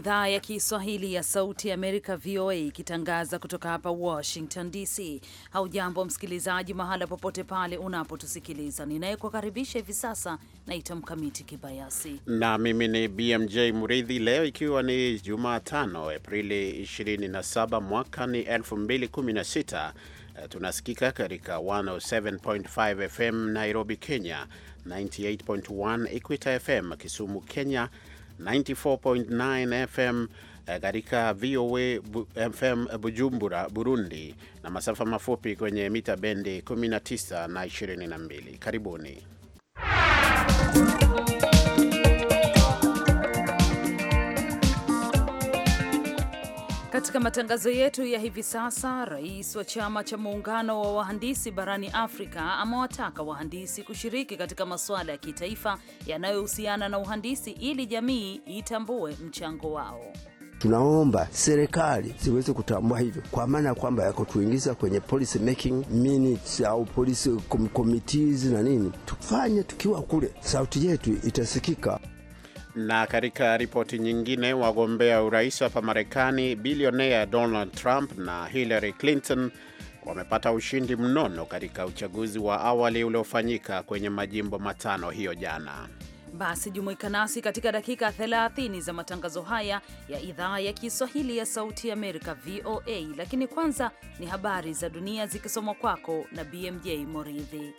idhaa ya Kiswahili ya Sauti ya Amerika, VOA, ikitangaza kutoka hapa Washington DC. Haujambo msikilizaji, mahala popote pale unapotusikiliza. Ninayekukaribisha hivi sasa naita Mkamiti Kibayasi na mimi ni BMJ Muridhi. Leo ikiwa ni Jumatano, Aprili 27 mwaka ni 2016 eh, tunasikika katika 107.5 FM Nairobi, Kenya, 98.1 Equita FM Kisumu, Kenya, 94.9 FM eh, katika VOA FM eh, Bujumbura, Burundi, na masafa mafupi kwenye mita bendi 19 na 22. Karibuni Katika matangazo yetu ya hivi sasa, rais wa chama cha muungano wa wahandisi barani Afrika amewataka wahandisi kushiriki katika masuala ya kitaifa yanayohusiana na uhandisi ili jamii itambue mchango wao. Tunaomba serikali ziweze kutambua hivyo, kwa maana ya kwamba yakutuingiza kwenye policy making minutes au policy committees na nini, tufanye tukiwa kule, sauti yetu itasikika. Na katika ripoti nyingine, wagombea urais hapa Marekani, bilionea Donald Trump na Hillary Clinton wamepata ushindi mnono katika uchaguzi wa awali uliofanyika kwenye majimbo matano hiyo jana. Basi jumuika nasi katika dakika 30 za matangazo haya ya idhaa ya Kiswahili ya Sauti ya Amerika, VOA. Lakini kwanza ni habari za dunia zikisomwa kwako na BMJ Moridhi.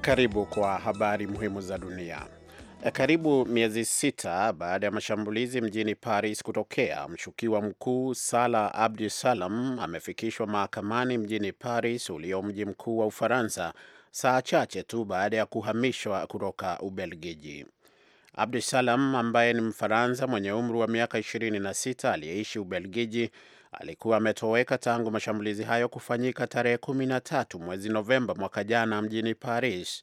Karibu kwa habari muhimu za dunia. Eh, karibu miezi sita baada ya mashambulizi mjini Paris kutokea, mshukiwa mkuu Salah Abdu Salam amefikishwa mahakamani mjini Paris, ulio mji mkuu wa Ufaransa, saa chache tu baada ya kuhamishwa kutoka Ubelgiji. Abdu Salam ambaye ni Mfaransa mwenye umri wa miaka 26 aliyeishi Ubelgiji alikuwa ametoweka tangu mashambulizi hayo kufanyika tarehe kumi na tatu mwezi Novemba mwaka jana mjini Paris.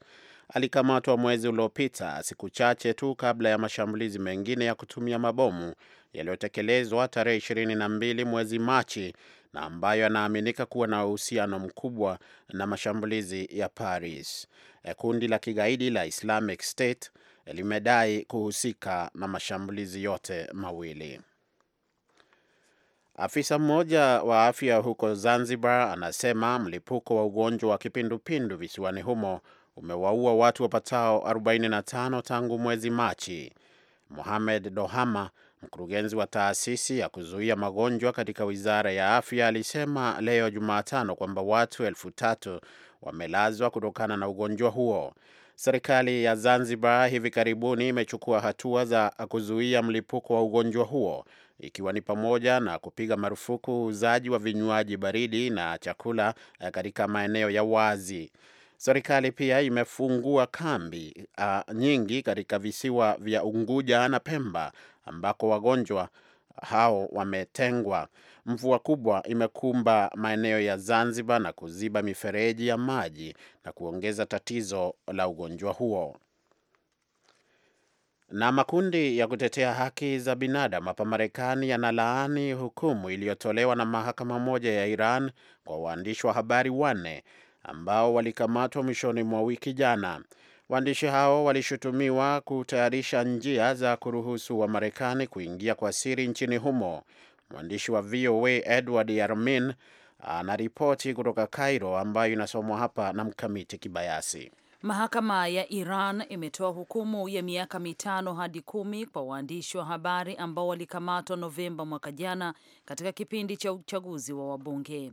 Alikamatwa mwezi uliopita, siku chache tu kabla ya mashambulizi mengine ya kutumia mabomu yaliyotekelezwa tarehe ishirini na mbili mwezi Machi na ambayo yanaaminika kuwa na uhusiano mkubwa na mashambulizi ya Paris. Eh, kundi la kigaidi la Islamic State limedai kuhusika na mashambulizi yote mawili. Afisa mmoja wa afya huko Zanzibar anasema mlipuko wa ugonjwa wa kipindupindu visiwani humo umewaua watu wapatao 45 tangu mwezi Machi. Mohamed Dohama, mkurugenzi wa taasisi ya kuzuia magonjwa katika wizara ya afya, alisema leo Jumatano kwamba watu elfu tatu wamelazwa kutokana na ugonjwa huo. Serikali ya Zanzibar hivi karibuni imechukua hatua za kuzuia mlipuko wa ugonjwa huo ikiwa ni pamoja na kupiga marufuku uuzaji wa vinywaji baridi na chakula eh, katika maeneo ya wazi. Serikali pia imefungua kambi a, ah, nyingi katika visiwa vya Unguja na Pemba ambako wagonjwa hao wametengwa. Mvua kubwa imekumba maeneo ya Zanzibar na kuziba mifereji ya maji na kuongeza tatizo la ugonjwa huo. Na makundi ya kutetea haki za binadamu hapa Marekani yanalaani hukumu iliyotolewa na mahakama moja ya Iran kwa waandishi wa habari wanne ambao walikamatwa mwishoni mwa wiki jana. Waandishi hao walishutumiwa kutayarisha njia za kuruhusu wa marekani kuingia kwa siri nchini humo. Mwandishi wa VOA Edward Yarmin anaripoti kutoka Cairo, ambayo inasomwa hapa na Mkamiti Kibayasi. Mahakama ya Iran imetoa hukumu ya miaka mitano hadi kumi kwa waandishi wa habari ambao walikamatwa Novemba mwaka jana katika kipindi cha uchaguzi wa wabunge.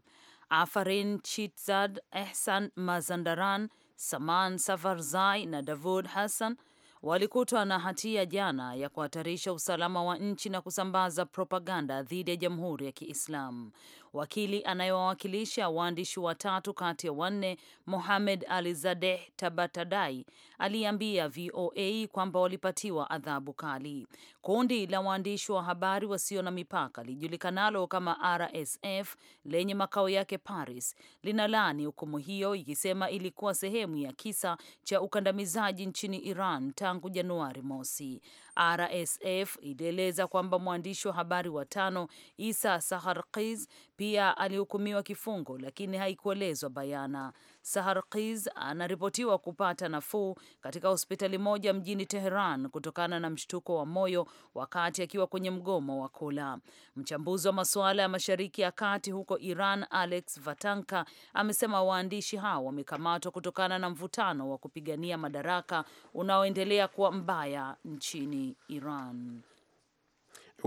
Afarin Chitzad, Ehsan Mazandaran, Saman Safarzai na Davud Hassan walikutwa na hatia jana ya kuhatarisha usalama wa nchi na kusambaza propaganda dhidi ya Jamhuri ya Kiislamu. Wakili anayewawakilisha waandishi watatu kati ya wanne, Mohamed Ali Zadeh Tabatadai, aliambia VOA kwamba walipatiwa adhabu kali. Kundi la waandishi wa habari wasio na mipaka lijulikanalo kama RSF lenye makao yake Paris linalaani hukumu hiyo, ikisema ilikuwa sehemu ya kisa cha ukandamizaji nchini Iran tangu Januari mosi. RSF ilieleza kwamba mwandishi wa habari wa tano Isa Saharkiz pia alihukumiwa kifungo, lakini haikuelezwa bayana. Saharkiz anaripotiwa kupata nafuu katika hospitali moja mjini Teheran kutokana na mshtuko wa moyo wakati akiwa kwenye mgomo wa kula. Mchambuzi wa masuala ya Mashariki ya Kati huko Iran, Alex Vatanka, amesema waandishi hao wamekamatwa kutokana na mvutano wa kupigania madaraka unaoendelea kuwa mbaya nchini Iran.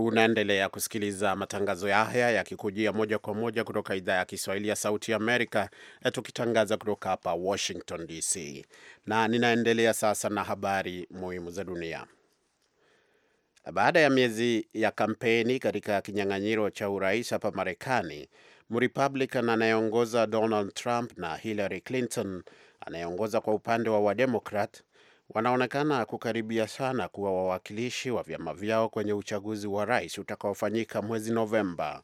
Unaendelea kusikiliza matangazo ya haya yakikujia moja kwa moja kutoka idhaa ya Kiswahili ya Sauti Amerika, eh, tukitangaza kutoka hapa Washington DC, na ninaendelea sasa na habari muhimu za dunia. Baada ya miezi ya kampeni katika kinyang'anyiro cha urais hapa Marekani, Mrepublican anayeongoza Donald Trump na Hillary Clinton anayeongoza kwa upande wa Wademokrat wanaonekana kukaribia sana kuwa wawakilishi wa vyama vyao kwenye uchaguzi wa rais utakaofanyika mwezi Novemba.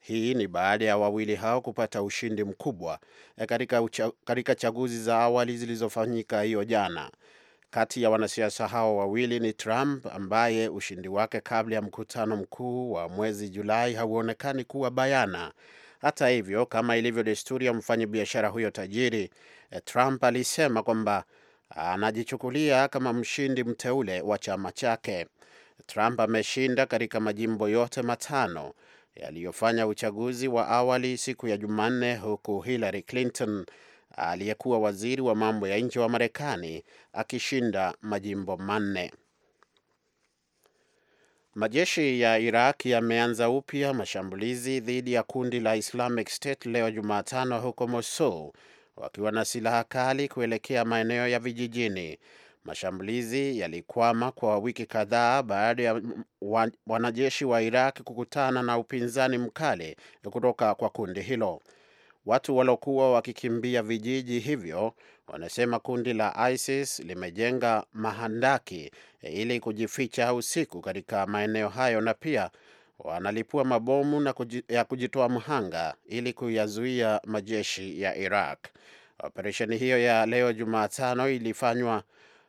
Hii ni baada ya wawili hao kupata ushindi mkubwa eh, katika ucha, chaguzi za awali zilizofanyika hiyo jana. Kati ya wanasiasa hao wawili ni Trump ambaye ushindi wake kabla ya mkutano mkuu wa mwezi Julai hauonekani kuwa bayana. Hata hivyo, kama ilivyo desturi ya mfanyabiashara huyo tajiri, eh, Trump alisema kwamba anajichukulia kama mshindi mteule wa chama chake. Trump ameshinda katika majimbo yote matano yaliyofanya uchaguzi wa awali siku ya Jumanne, huku Hillary Clinton aliyekuwa waziri wa mambo ya nje wa Marekani akishinda majimbo manne. Majeshi ya Iraq yameanza upya mashambulizi dhidi ya kundi la Islamic State leo Jumatano huko Mosul wakiwa na silaha kali kuelekea maeneo ya vijijini. Mashambulizi yalikwama kwa wiki kadhaa baada ya wanajeshi wa Iraq kukutana na upinzani mkali kutoka kwa kundi hilo. Watu waliokuwa wakikimbia vijiji hivyo wanasema kundi la ISIS limejenga mahandaki eh, ili kujificha usiku katika maeneo hayo na pia wanalipua mabomu na ya kujitoa mhanga ili kuyazuia majeshi ya Iraq. Operesheni hiyo ya leo Jumatano ilifanywa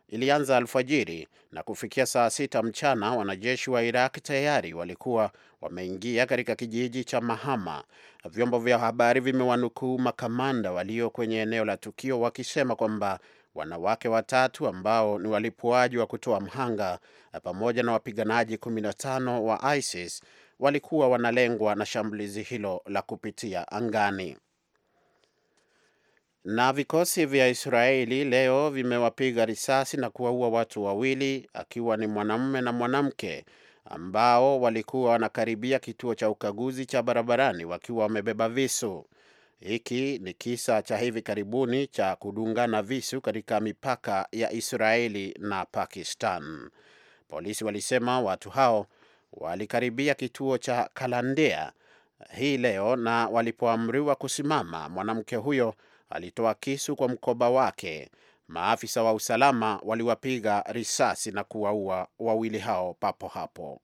ilianza alfajiri na kufikia saa sita mchana, wanajeshi wa Iraq tayari walikuwa wameingia katika kijiji cha Mahama. Vyombo vya habari vimewanukuu makamanda walio kwenye eneo la tukio wakisema kwamba wanawake watatu ambao ni walipuaji wa kutoa mhanga pamoja na wapiganaji 15 wa ISIS walikuwa wanalengwa na shambulizi hilo la kupitia angani. Na vikosi vya Israeli leo vimewapiga risasi na kuwaua watu wawili akiwa ni mwanamume na mwanamke ambao walikuwa wanakaribia kituo cha ukaguzi cha barabarani wakiwa wamebeba visu. Hiki ni kisa cha hivi karibuni cha kudungana visu katika mipaka ya Israeli na Pakistan. Polisi walisema watu hao walikaribia kituo cha Kalandea hii leo na walipoamriwa kusimama, mwanamke huyo alitoa kisu kwa mkoba wake. Maafisa wa usalama waliwapiga risasi na kuwaua wawili hao papo hapo.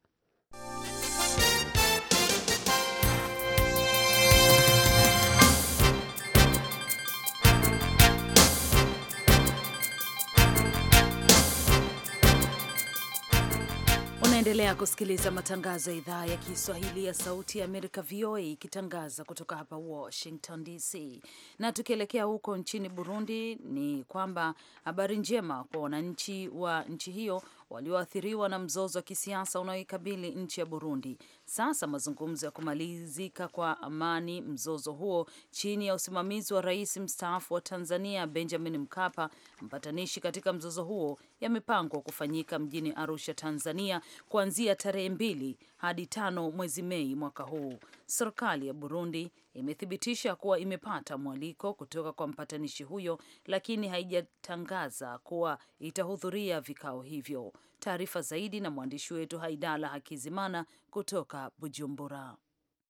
Unaendelea kusikiliza matangazo ya idhaa ya Kiswahili ya Sauti ya Amerika, VOA, ikitangaza kutoka hapa Washington DC. Na tukielekea huko nchini Burundi, ni kwamba habari njema kwa wananchi wa nchi hiyo walioathiriwa na mzozo wa kisiasa unaoikabili nchi ya Burundi. Sasa mazungumzo ya kumalizika kwa amani mzozo huo chini ya usimamizi wa rais mstaafu wa Tanzania Benjamin Mkapa, mpatanishi katika mzozo huo, yamepangwa kufanyika mjini Arusha, Tanzania, kuanzia tarehe mbili hadi tano mwezi Mei mwaka huu. Serikali ya Burundi imethibitisha kuwa imepata mwaliko kutoka kwa mpatanishi huyo, lakini haijatangaza kuwa itahudhuria vikao hivyo. Taarifa zaidi na mwandishi wetu Haidala Hakizimana kutoka Bujumbura.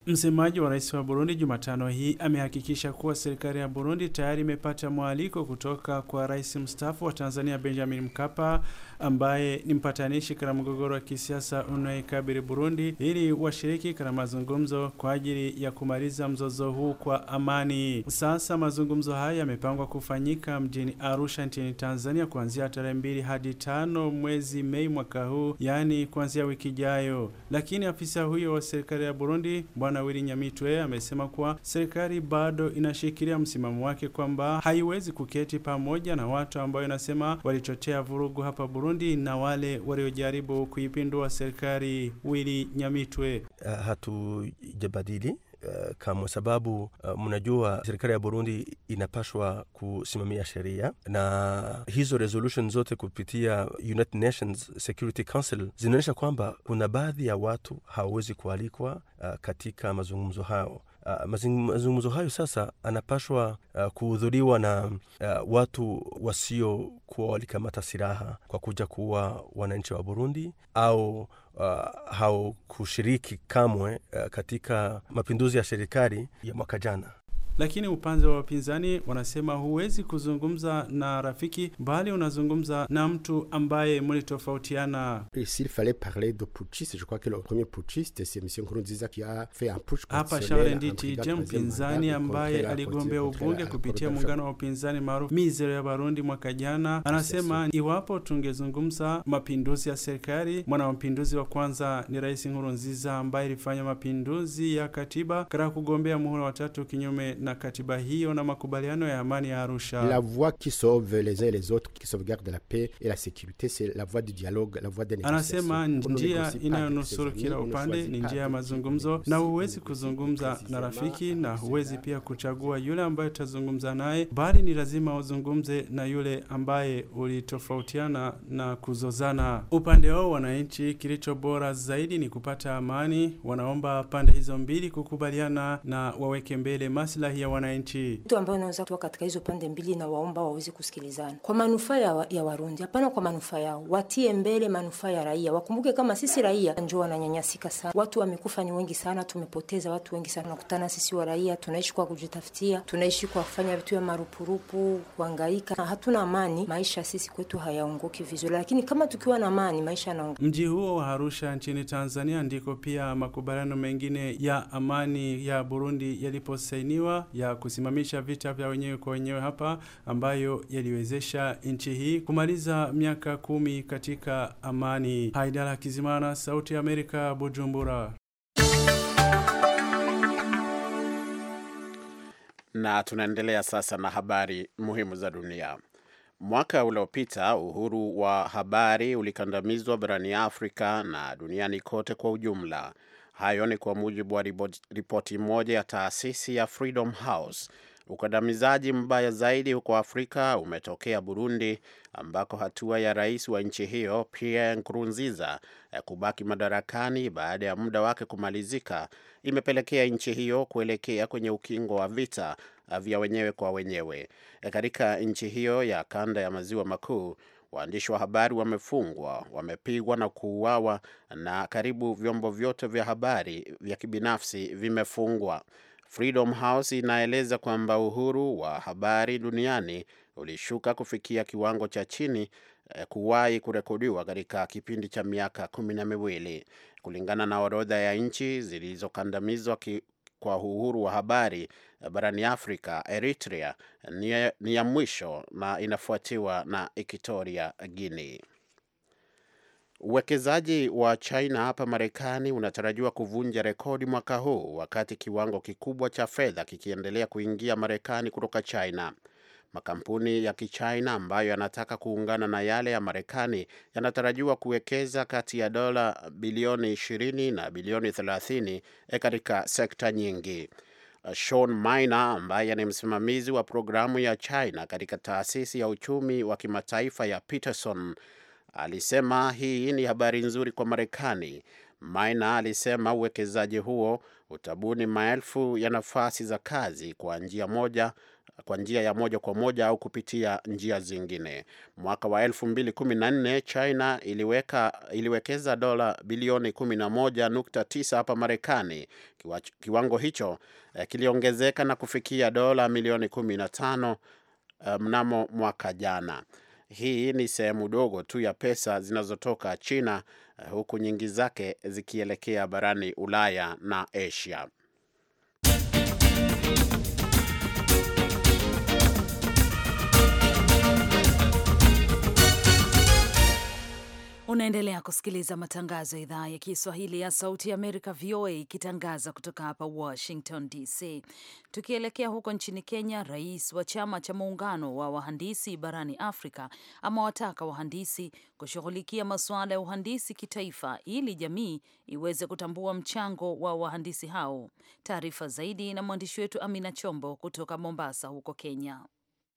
Msemaji wa rais wa Burundi Jumatano hii amehakikisha kuwa serikali ya Burundi tayari imepata mwaliko kutoka kwa rais mstaafu wa Tanzania Benjamin Mkapa ambaye ni mpatanishi katika mgogoro wa kisiasa unaoikabili Burundi ili washiriki katika mazungumzo kwa ajili ya kumaliza mzozo huu kwa amani. Sasa mazungumzo haya yamepangwa kufanyika mjini Arusha nchini Tanzania kuanzia tarehe mbili hadi tano mwezi Mei mwaka huu, yaani kuanzia wiki ijayo. Lakini afisa huyo wa serikali ya Burundi Bwana Willy Nyamitwe amesema kuwa serikali bado inashikilia msimamo wake kwamba haiwezi kuketi pamoja na watu ambao inasema walichochea vurugu hapa Burundi Burundi na wale waliojaribu kuipindua serikali Wili Nyamitwe. Eh, hatujabadili eh, kama sababu eh, mnajua, serikali ya Burundi inapashwa kusimamia sheria, na hizo resolution zote kupitia United Nations Security Council zinaonyesha kwamba kuna baadhi ya watu hawawezi kualikwa katika mazungumzo hayo. Ah, mazungumzo hayo sasa anapashwa uh, kuhudhuriwa na uh, watu wasiokuwa walikamata silaha kwa kuja kuwa wananchi wa Burundi au uh, hao kushiriki kamwe uh, katika mapinduzi ya serikali ya mwaka jana. Lakini upande wa wapinzani wanasema huwezi kuzungumza na rafiki, bali unazungumza na mtu ambaye mulitofautiana. Hapa Charles Nditi je, mpinzani ambaye aligombea ubunge kupitia muungano wa upinzani maarufu Mizero ya Barundi mwaka jana, anasema iwapo tungezungumza mapinduzi ya serikali, mwana wa mapinduzi wa kwanza ni Rais Nkurunziza ambaye ilifanya mapinduzi ya katiba katika kugombea muhula watatu kinyume na na katiba hiyo na makubaliano ya amani ya Arusha. La voix qui sauve les uns les autres qui sauvegarde la paix et la sécurité c'est la voix du dialogue, la voix des négociations. Anasema njia inayonusuru kila upande ni njia ya mazungumzo, na huwezi kuzungumza na rafiki na huwezi pia kuchagua yule ambaye utazungumza naye, bali ni lazima uzungumze na yule ambaye ulitofautiana na kuzozana. Upande wao wananchi, kilicho bora zaidi ni kupata amani. Wanaomba pande hizo mbili kukubaliana na waweke mbele maslahi hali ya wananchi, watu ambao wanaweza kutoka katika hizo pande mbili, na waomba waweze kusikilizana kwa manufaa ya, ya Warundi, hapana kwa manufaa yao. Watie mbele manufaa ya raia, wakumbuke kama sisi raia njo wananyanyasika sana, watu wamekufa ni wengi sana, tumepoteza watu wengi sana. Nakutana sisi wa raia tunaishi kwa kujitafutia, tunaishi kwa kufanya vitu ya marupurupu, kuangaika na hatuna amani. Maisha sisi kwetu hayaongoki vizuri, lakini kama tukiwa na amani maisha yanaongoka. Mji huo wa Arusha nchini Tanzania ndiko pia makubaliano mengine ya amani ya Burundi yaliposainiwa ya kusimamisha vita vya wenyewe kwa wenyewe hapa ambayo yaliwezesha nchi hii kumaliza miaka kumi katika amani. Haidara Kizimana, Sauti ya Amerika, Bujumbura. Na tunaendelea sasa na habari muhimu za dunia. Mwaka uliopita uhuru wa habari ulikandamizwa barani Afrika na duniani kote kwa ujumla. Hayo ni kwa mujibu wa ripoti moja ya taasisi ya Freedom House. Ukandamizaji mbaya zaidi huko Afrika umetokea Burundi, ambako hatua ya rais wa nchi hiyo Pierre Nkurunziza ya kubaki madarakani baada ya muda wake kumalizika imepelekea nchi hiyo kuelekea kwenye ukingo wa vita eh, vya wenyewe kwa wenyewe. Eh, katika nchi hiyo ya kanda ya maziwa makuu waandishi wa habari wamefungwa, wamepigwa na kuuawa, na karibu vyombo vyote vya habari vya kibinafsi vimefungwa. Freedom House inaeleza kwamba uhuru wa habari duniani ulishuka kufikia kiwango cha chini eh, kuwahi kurekodiwa katika kipindi cha miaka kumi na miwili kulingana na orodha ya nchi zilizokandamizwa kwa uhuru wa habari eh, barani Afrika, Eritrea ni ya mwisho na inafuatiwa na Equatoria Guinea. Uwekezaji wa China hapa Marekani unatarajiwa kuvunja rekodi mwaka huu, wakati kiwango kikubwa cha fedha kikiendelea kuingia Marekani kutoka China. Makampuni ya Kichina ambayo yanataka kuungana na yale ya Marekani yanatarajiwa kuwekeza kati ya dola bilioni 20 na bilioni 30 eh, katika sekta nyingi. Uh, Sean Miner ambaye ni msimamizi wa programu ya China katika taasisi ya uchumi wa kimataifa ya Peterson alisema hii ni habari nzuri kwa Marekani. Miner alisema uwekezaji huo utabuni maelfu ya nafasi za kazi kwa njia moja kwa njia ya moja kwa moja au kupitia njia zingine. Mwaka wa 2014 China iliweka, iliwekeza dola bilioni 11.9 hapa Marekani. kiwango hicho eh, kiliongezeka na kufikia dola milioni 15 eh, mnamo mwaka jana. Hii ni sehemu dogo tu ya pesa zinazotoka China, eh, huku nyingi zake zikielekea barani Ulaya na Asia. Unaendelea kusikiliza matangazo ya idhaa ya Kiswahili ya Sauti ya Amerika, VOA, ikitangaza kutoka hapa Washington DC. Tukielekea huko nchini Kenya, rais wa chama cha muungano wa wahandisi barani Afrika amewataka wahandisi kushughulikia masuala ya uhandisi kitaifa ili jamii iweze kutambua mchango wa wahandisi hao. Taarifa zaidi na mwandishi wetu Amina Chombo kutoka Mombasa huko Kenya.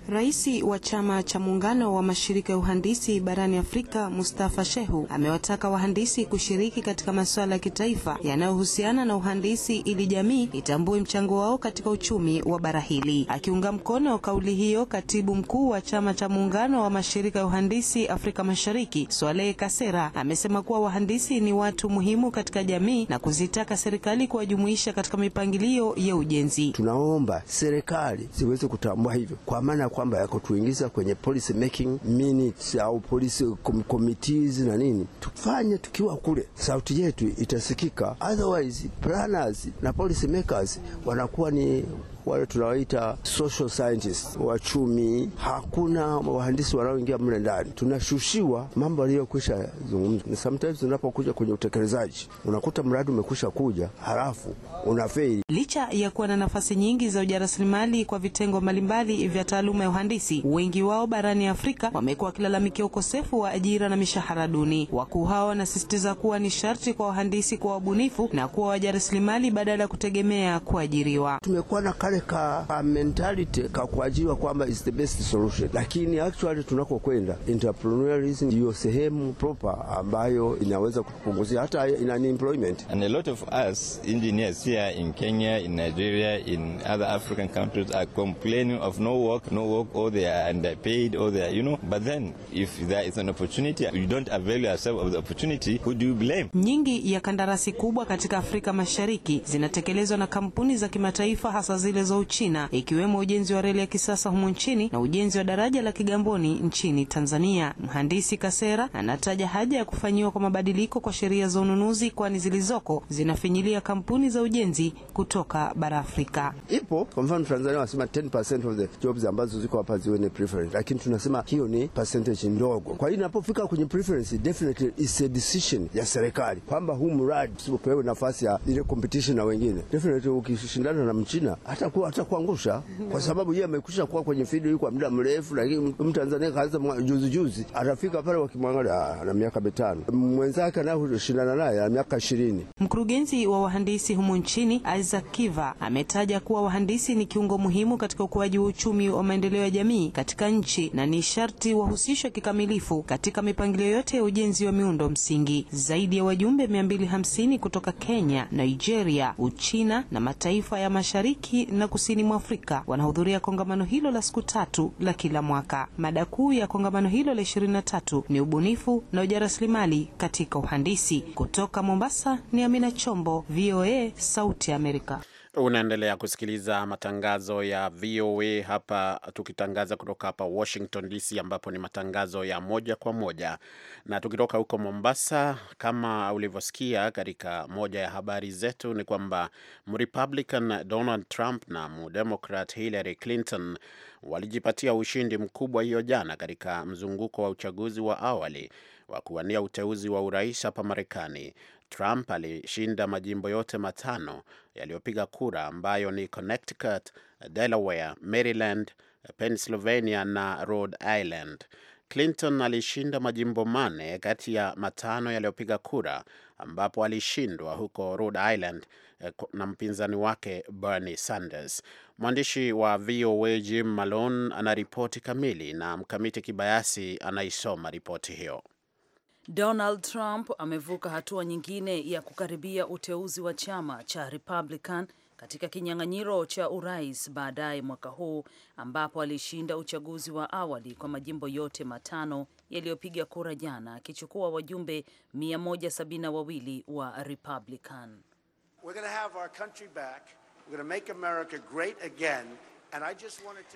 Rais wa chama cha muungano wa mashirika ya uhandisi barani Afrika Mustafa Shehu amewataka wahandisi kushiriki katika masuala ya kitaifa yanayohusiana na uhandisi ili jamii itambue mchango wao katika uchumi wa bara hili. Akiunga mkono kauli hiyo, katibu mkuu wa chama cha muungano wa mashirika ya uhandisi Afrika Mashariki Swalehe Kasera amesema kuwa wahandisi ni watu muhimu katika jamii na kuzitaka serikali kuwajumuisha katika mipangilio ya ujenzi. Tunaomba serikali ziweze kutambua hivyo kwa maana kwamba yako tuingiza kwenye policy making minutes au policy committees na nini, tufanye tukiwa kule, sauti yetu itasikika, otherwise planners na policy makers wanakuwa ni wale tunawaita social scientists, wachumi. Hakuna wahandisi wanaoingia mle ndani, tunashushiwa mambo aliyokwisha zungumza. Ni sometimes unapokuja kwenye utekelezaji, unakuta mradi umekwisha kuja halafu unafeli. Licha ya kuwa na nafasi nyingi za ujarasilimali kwa vitengo mbalimbali vya taaluma ya uhandisi, wengi wao barani Afrika wamekuwa wakilalamikia ukosefu wa ajira na mishahara duni. Wakuu hawa wanasisitiza kuwa ni sharti kwa wahandisi kuwa wabunifu na kuwa wajarasilimali badala ya kutegemea kuajiriwa. Tumekuwa na kale ka, ka mentality ka kuajiliwa kwamba is the best solution, lakini actually tunakokwenda entrepreneurialism ndiyo sehemu proper ambayo inaweza kupunguzia hata in employment And a lot of us engineers here in Kenya, in Nigeria, in other African countries are complaining of no work, no work, or they are underpaid, or they are, you know, but then if there is an opportunity, you don't avail yourself of the opportunity, who do you blame? Nyingi ya kandarasi kubwa katika Afrika Mashariki zinatekelezwa na kampuni za kimataifa hasa zile za Uchina, ikiwemo ujenzi wa reli ya kisasa humo nchini na ujenzi wa daraja la Kigamboni nchini Tanzania. Mhandisi Kasera anataja haja ya kufanyiwa kwa mabadiliko kwa sheria za ununuzi, kwani zilizoko zinafinyilia kampuni za ujenzi kutoka bara Afrika. Ipo kwa mfano Tanzania wanasema 10% of the jobs ambazo ziko hapa ziwe ni preference, lakini tunasema hiyo ni percentage ndogo. Kwa hiyo inapofika kwenye preference, definitely is a decision ya serikali kwamba huu mradi upewe nafasi ya ile competition na wengine. Definitely ukishindana na mchina hata atakuangusha, kwa sababu yeye amekisha kuwa kwenye fidi kwa muda mrefu. Lakini Mtanzania kaanza juzi juzi, atafika pale wakimwangalia ah, na miaka mitano, mwenzake anayoshindana naye ana miaka ishirini. Mkurugenzi wa wahandisi humu nchini Isaac Kiva ametaja kuwa wahandisi ni kiungo muhimu katika ukuaji wa uchumi wa maendeleo ya jamii katika nchi na ni sharti wahusishwe kikamilifu katika mipangilio yote ya ujenzi wa miundo msingi. Zaidi ya wajumbe 250 kutoka Kenya, Nigeria, Uchina na mataifa ya mashariki na na kusini mwa Afrika wanahudhuria kongamano hilo la siku tatu la kila mwaka. Mada kuu ya kongamano hilo la 23 ni ubunifu na ujarasilimali katika uhandisi. Kutoka Mombasa ni Amina Chombo, VOA, Sauti ya Amerika. Unaendelea kusikiliza matangazo ya VOA hapa tukitangaza kutoka hapa Washington DC, ambapo ni matangazo ya moja kwa moja. Na tukitoka huko Mombasa, kama ulivyosikia katika moja ya habari zetu, ni kwamba Mrepublican Donald Trump na Mdemocrat Hillary Clinton walijipatia ushindi mkubwa hiyo jana katika mzunguko wa uchaguzi wa awali wa kuwania uteuzi wa urais hapa Marekani. Trump alishinda majimbo yote matano yaliyopiga kura ambayo ni Connecticut, Delaware, Maryland, Pennsylvania na Rhode Island. Clinton alishinda majimbo mane kati ya matano yaliyopiga kura, ambapo alishindwa huko Rhode Island eh, na mpinzani wake Bernie Sanders. Mwandishi wa VOA Jim Malone anaripoti kamili, na Mkamiti Kibayasi anaisoma ripoti hiyo. Donald Trump amevuka hatua nyingine ya kukaribia uteuzi wa chama cha Republican katika kinyang'anyiro cha urais baadaye mwaka huu ambapo alishinda uchaguzi wa awali kwa majimbo yote matano yaliyopiga kura jana akichukua wajumbe 172 wa Republican.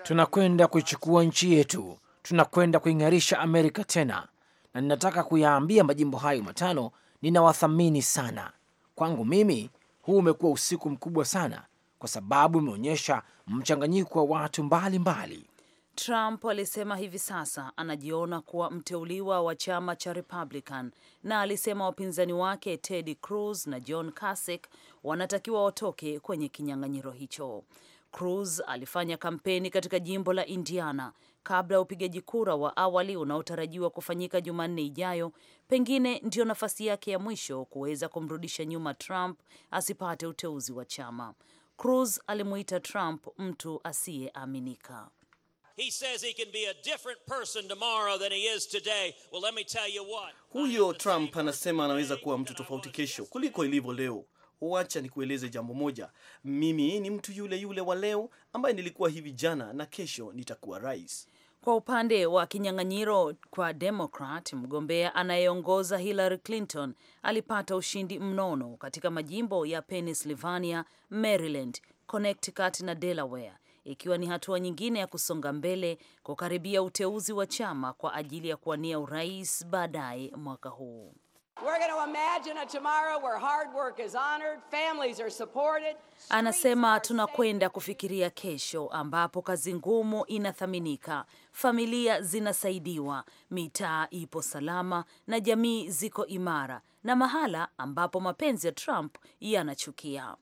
Tunakwenda kuichukua nchi yetu, tunakwenda kuing'arisha Amerika tena, na ninataka kuyaambia majimbo hayo matano, ninawathamini sana. Kwangu mimi huu umekuwa usiku mkubwa sana kwa sababu umeonyesha mchanganyiko wa watu mbalimbali mbali. Trump alisema hivi sasa anajiona kuwa mteuliwa wa chama cha Republican na alisema wapinzani wake Ted Cruz na John Kasich wanatakiwa watoke kwenye kinyang'anyiro hicho. Cruz alifanya kampeni katika jimbo la Indiana kabla ya upigaji kura wa awali unaotarajiwa kufanyika Jumanne ijayo, pengine ndiyo nafasi yake ya mwisho kuweza kumrudisha nyuma Trump asipate uteuzi wa chama. Cruz alimuita Trump mtu asiyeaminika. Huyo Trump anasema anaweza kuwa mtu tofauti kesho kuliko ilivyo leo. Wacha nikueleze jambo moja, mimi ni mtu yule yule wa leo ambaye nilikuwa hivi jana, na kesho nitakuwa rais. Kwa upande wa kinyang'anyiro kwa demokrat mgombea anayeongoza Hillary Clinton alipata ushindi mnono katika majimbo ya Pennsylvania, Maryland, Connecticut na Delaware, ikiwa ni hatua nyingine ya kusonga mbele kukaribia uteuzi wa chama kwa ajili ya kuwania urais baadaye mwaka huu. Anasema tunakwenda kufikiria kesho ambapo kazi ngumu inathaminika, familia zinasaidiwa, mitaa ipo salama na jamii ziko imara, na mahala ambapo mapenzi ya Trump yanachukia.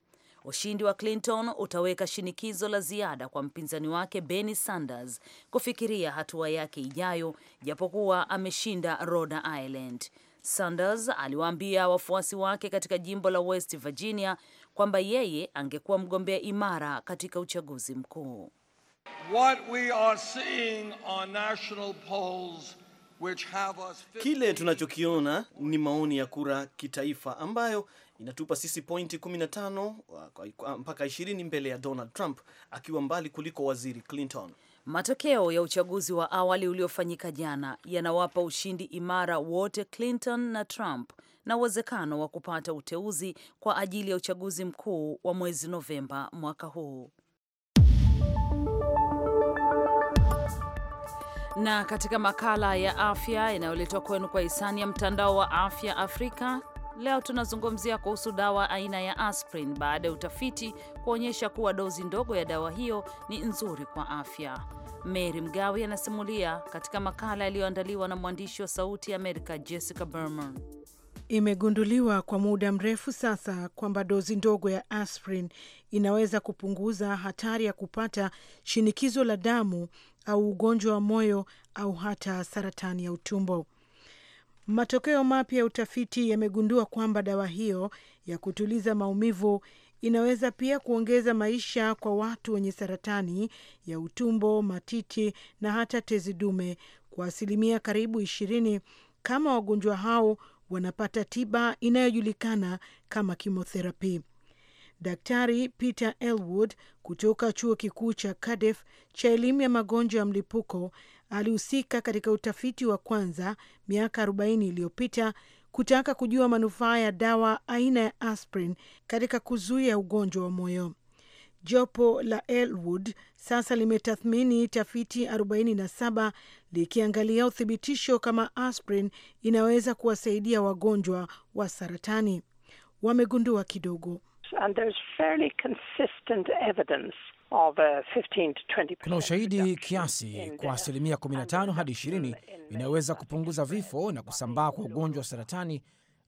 Ushindi wa Clinton utaweka shinikizo la ziada kwa mpinzani wake Bernie Sanders kufikiria hatua yake ijayo, japokuwa ameshinda Rhode Island. Sanders aliwaambia wafuasi wake katika jimbo la West Virginia kwamba yeye angekuwa mgombea imara katika uchaguzi mkuu. Kile tunachokiona ni maoni ya kura kitaifa ambayo inatupa sisi pointi 15 uh, mpaka 20 mbele ya Donald Trump akiwa mbali kuliko Waziri Clinton. Matokeo ya uchaguzi wa awali uliofanyika jana yanawapa ushindi imara wote Clinton na Trump na uwezekano wa kupata uteuzi kwa ajili ya uchaguzi mkuu wa mwezi Novemba mwaka huu. Na katika makala ya afya inayoletwa kwenu kwa hisani ya mtandao wa afya Afrika, leo tunazungumzia kuhusu dawa aina ya aspirin baada ya utafiti kuonyesha kuwa dozi ndogo ya dawa hiyo ni nzuri kwa afya. Mary Mgawe anasimulia katika makala yaliyoandaliwa na mwandishi wa Sauti ya Amerika Jessica Berman. Imegunduliwa kwa muda mrefu sasa kwamba dozi ndogo ya aspirin inaweza kupunguza hatari ya kupata shinikizo la damu au ugonjwa wa moyo au hata saratani ya utumbo. Matokeo mapya ya utafiti yamegundua kwamba dawa hiyo ya kutuliza maumivu inaweza pia kuongeza maisha kwa watu wenye saratani ya utumbo, matiti na hata tezi dume kwa asilimia karibu ishirini kama wagonjwa hao wanapata tiba inayojulikana kama kimotherapi. Daktari Peter Elwood kutoka chuo kikuu cha Cardiff cha elimu ya magonjwa ya mlipuko alihusika katika utafiti wa kwanza miaka 40 iliyopita kutaka kujua manufaa ya dawa aina ya aspirin katika kuzuia ugonjwa wa moyo. Jopo la Elwood sasa limetathmini tafiti 47 likiangalia uthibitisho kama aspirin inaweza kuwasaidia wagonjwa wa saratani. Wamegundua kidogo kuna ushahidi kiasi kwa asilimia 15 hadi 20 inayoweza kupunguza vifo na kusambaa kwa ugonjwa wa saratani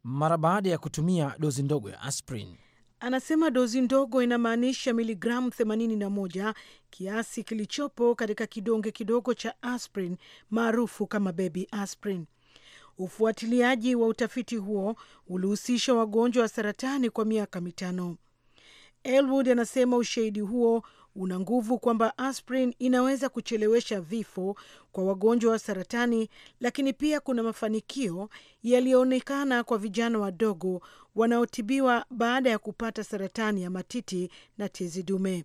mara baada ya kutumia dozi ndogo ya aspirin. Anasema dozi ndogo inamaanisha miligramu 81, kiasi kilichopo katika kidonge kidogo cha aspirin maarufu kama baby aspirin. Ufuatiliaji wa utafiti huo ulihusisha wagonjwa wa saratani kwa miaka mitano. Elwood anasema ushahidi huo una nguvu kwamba aspirin inaweza kuchelewesha vifo kwa wagonjwa wa saratani, lakini pia kuna mafanikio yaliyoonekana kwa vijana wadogo wanaotibiwa baada ya kupata saratani ya matiti na tezi dume.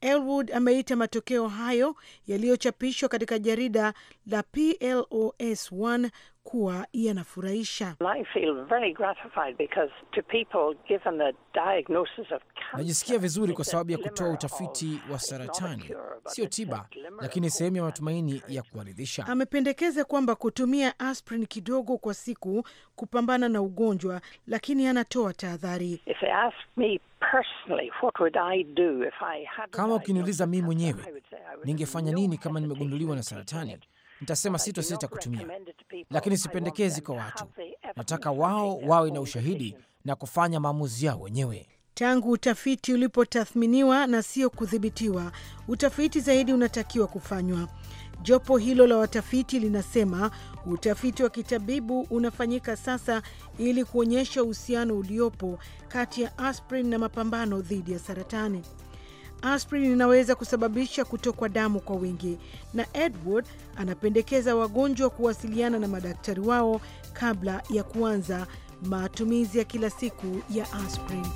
Elwood ameita matokeo hayo yaliyochapishwa katika jarida la PLOS1 kuwa yanafurahisha. Najisikia vizuri kwa sababu ya kutoa utafiti wa saratani, sio tiba, lakini sehemu ya matumaini ya kuaridhisha. Amependekeza kwamba kutumia aspirin kidogo kwa siku kupambana na ugonjwa, lakini anatoa tahadhari. Kama ukiniuliza mimi mwenyewe ningefanya nini kama nimegunduliwa na saratani nitasema sitosita kutumia, lakini sipendekezi kwa watu. Nataka wao wawe na ushahidi na kufanya maamuzi yao wenyewe. Tangu utafiti ulipotathminiwa na sio kudhibitiwa, utafiti zaidi unatakiwa kufanywa. Jopo hilo la watafiti linasema utafiti wa kitabibu unafanyika sasa ili kuonyesha uhusiano uliopo kati ya aspirin na mapambano dhidi ya saratani aspirin inaweza kusababisha kutokwa damu kwa wingi, na Edward anapendekeza wagonjwa kuwasiliana na madaktari wao kabla ya kuanza matumizi ya kila siku ya aspirin.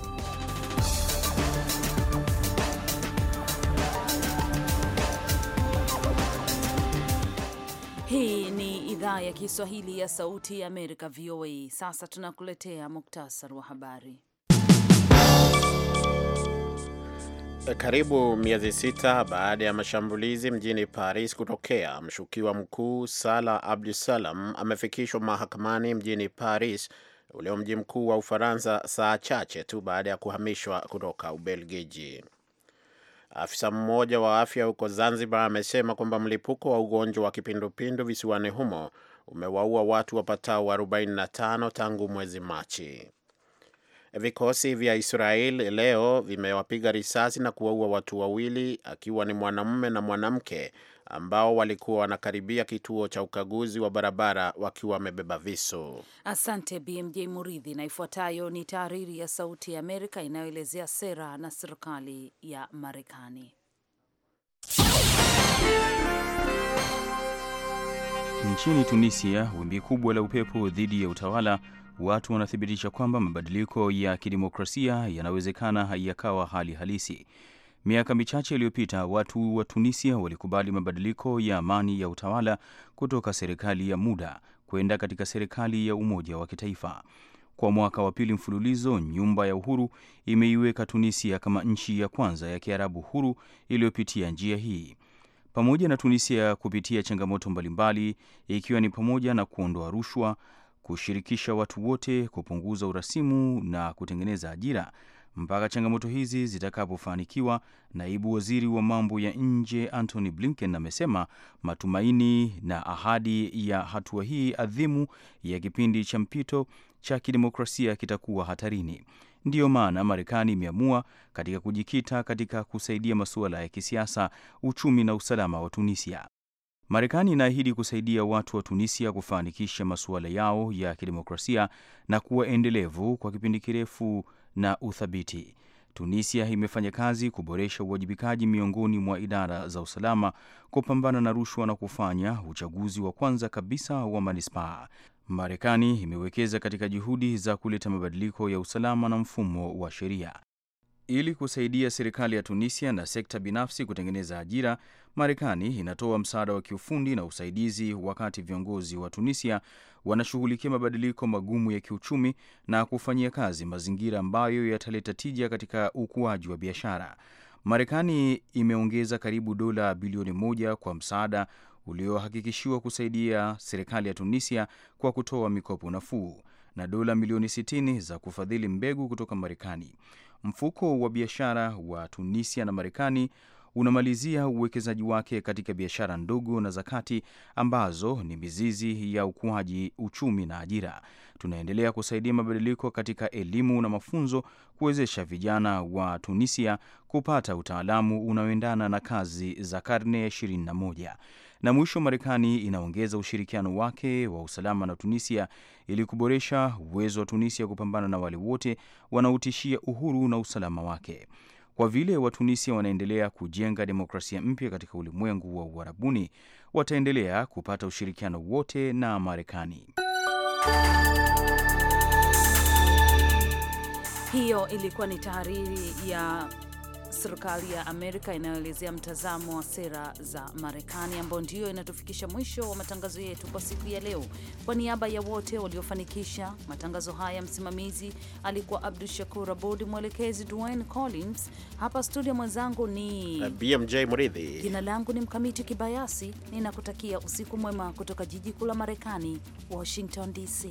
Hii ni idhaa ya Kiswahili ya Sauti ya Amerika, VOA. Sasa tunakuletea muktasari wa habari. Eh, karibu miezi sita baada ya mashambulizi mjini Paris kutokea, mshukiwa mkuu Salah Abdusalam amefikishwa mahakamani mjini Paris ulio mji mkuu wa Ufaransa saa chache tu baada ya kuhamishwa kutoka Ubelgiji. Afisa mmoja wa afya huko Zanzibar amesema kwamba mlipuko wa ugonjwa wa kipindupindu visiwani humo umewaua watu wapatao 45 tangu mwezi Machi. Vikosi vya Israel leo vimewapiga risasi na kuwaua watu wawili akiwa ni mwanamume na mwanamke ambao walikuwa wanakaribia kituo cha ukaguzi wa barabara wakiwa wamebeba visu. Asante BMJ Muridhi, na ifuatayo ni tahariri ya Sauti ya Amerika inayoelezea sera na serikali ya Marekani. Nchini Tunisia, wimbi kubwa la upepo dhidi ya utawala watu wanathibitisha kwamba mabadiliko ya kidemokrasia yanawezekana yakawa hali halisi. Miaka michache iliyopita watu wa Tunisia walikubali mabadiliko ya amani ya utawala kutoka serikali ya muda kwenda katika serikali ya umoja wa kitaifa. Kwa mwaka wa pili mfululizo, nyumba ya Uhuru imeiweka Tunisia kama nchi ya kwanza ya Kiarabu huru iliyopitia njia hii. Pamoja na Tunisia kupitia changamoto mbalimbali, ikiwa ni pamoja na kuondoa rushwa, kushirikisha watu wote, kupunguza urasimu na kutengeneza ajira mpaka changamoto hizi zitakapofanikiwa. Naibu waziri wa mambo ya nje Antony Blinken amesema matumaini na ahadi ya hatua hii adhimu ya kipindi cha mpito cha kidemokrasia kitakuwa hatarini. Ndiyo maana Marekani imeamua katika kujikita katika kusaidia masuala ya kisiasa, uchumi na usalama wa Tunisia. Marekani inaahidi kusaidia watu wa Tunisia kufanikisha masuala yao ya kidemokrasia na kuwa endelevu kwa kipindi kirefu na uthabiti. Tunisia imefanya kazi kuboresha uwajibikaji miongoni mwa idara za usalama, kupambana na rushwa na kufanya uchaguzi wa kwanza kabisa wa manispaa. Marekani imewekeza katika juhudi za kuleta mabadiliko ya usalama na mfumo wa sheria. Ili kusaidia serikali ya Tunisia na sekta binafsi kutengeneza ajira, Marekani inatoa msaada wa kiufundi na usaidizi wakati viongozi wa Tunisia wanashughulikia mabadiliko magumu ya kiuchumi na kufanyia kazi mazingira ambayo yataleta tija katika ukuaji wa biashara. Marekani imeongeza karibu dola bilioni moja kwa msaada uliohakikishiwa kusaidia serikali ya Tunisia kwa kutoa mikopo nafuu na dola milioni 60 za kufadhili mbegu kutoka Marekani. Mfuko wa biashara wa Tunisia na Marekani unamalizia uwekezaji wake katika biashara ndogo na za kati ambazo ni mizizi ya ukuaji uchumi na ajira. Tunaendelea kusaidia mabadiliko katika elimu na mafunzo, kuwezesha vijana wa Tunisia kupata utaalamu unaoendana na kazi za karne ya 21. Na mwisho, Marekani inaongeza ushirikiano wake wa usalama na Tunisia ili kuboresha uwezo wa Tunisia kupambana na wale wote wanaotishia uhuru na usalama wake. Kwa vile Watunisia wanaendelea kujenga demokrasia mpya katika ulimwengu wa Uarabuni, wataendelea kupata ushirikiano wote na Marekani. Hiyo ilikuwa ni tahariri ya serikali ya Amerika inayoelezea mtazamo wa sera za Marekani, ambayo ndiyo inatufikisha mwisho wa matangazo yetu kwa siku ya leo. Kwa niaba ya wote waliofanikisha matangazo haya, msimamizi alikuwa Abdu Shakur Abud, mwelekezi Dwayne Collins. Hapa studio mwenzangu ni eh, BMJ Mridhi, jina langu ni Mkamiti Kibayasi. Ninakutakia usiku mwema kutoka jiji kuu la Marekani, Washington DC.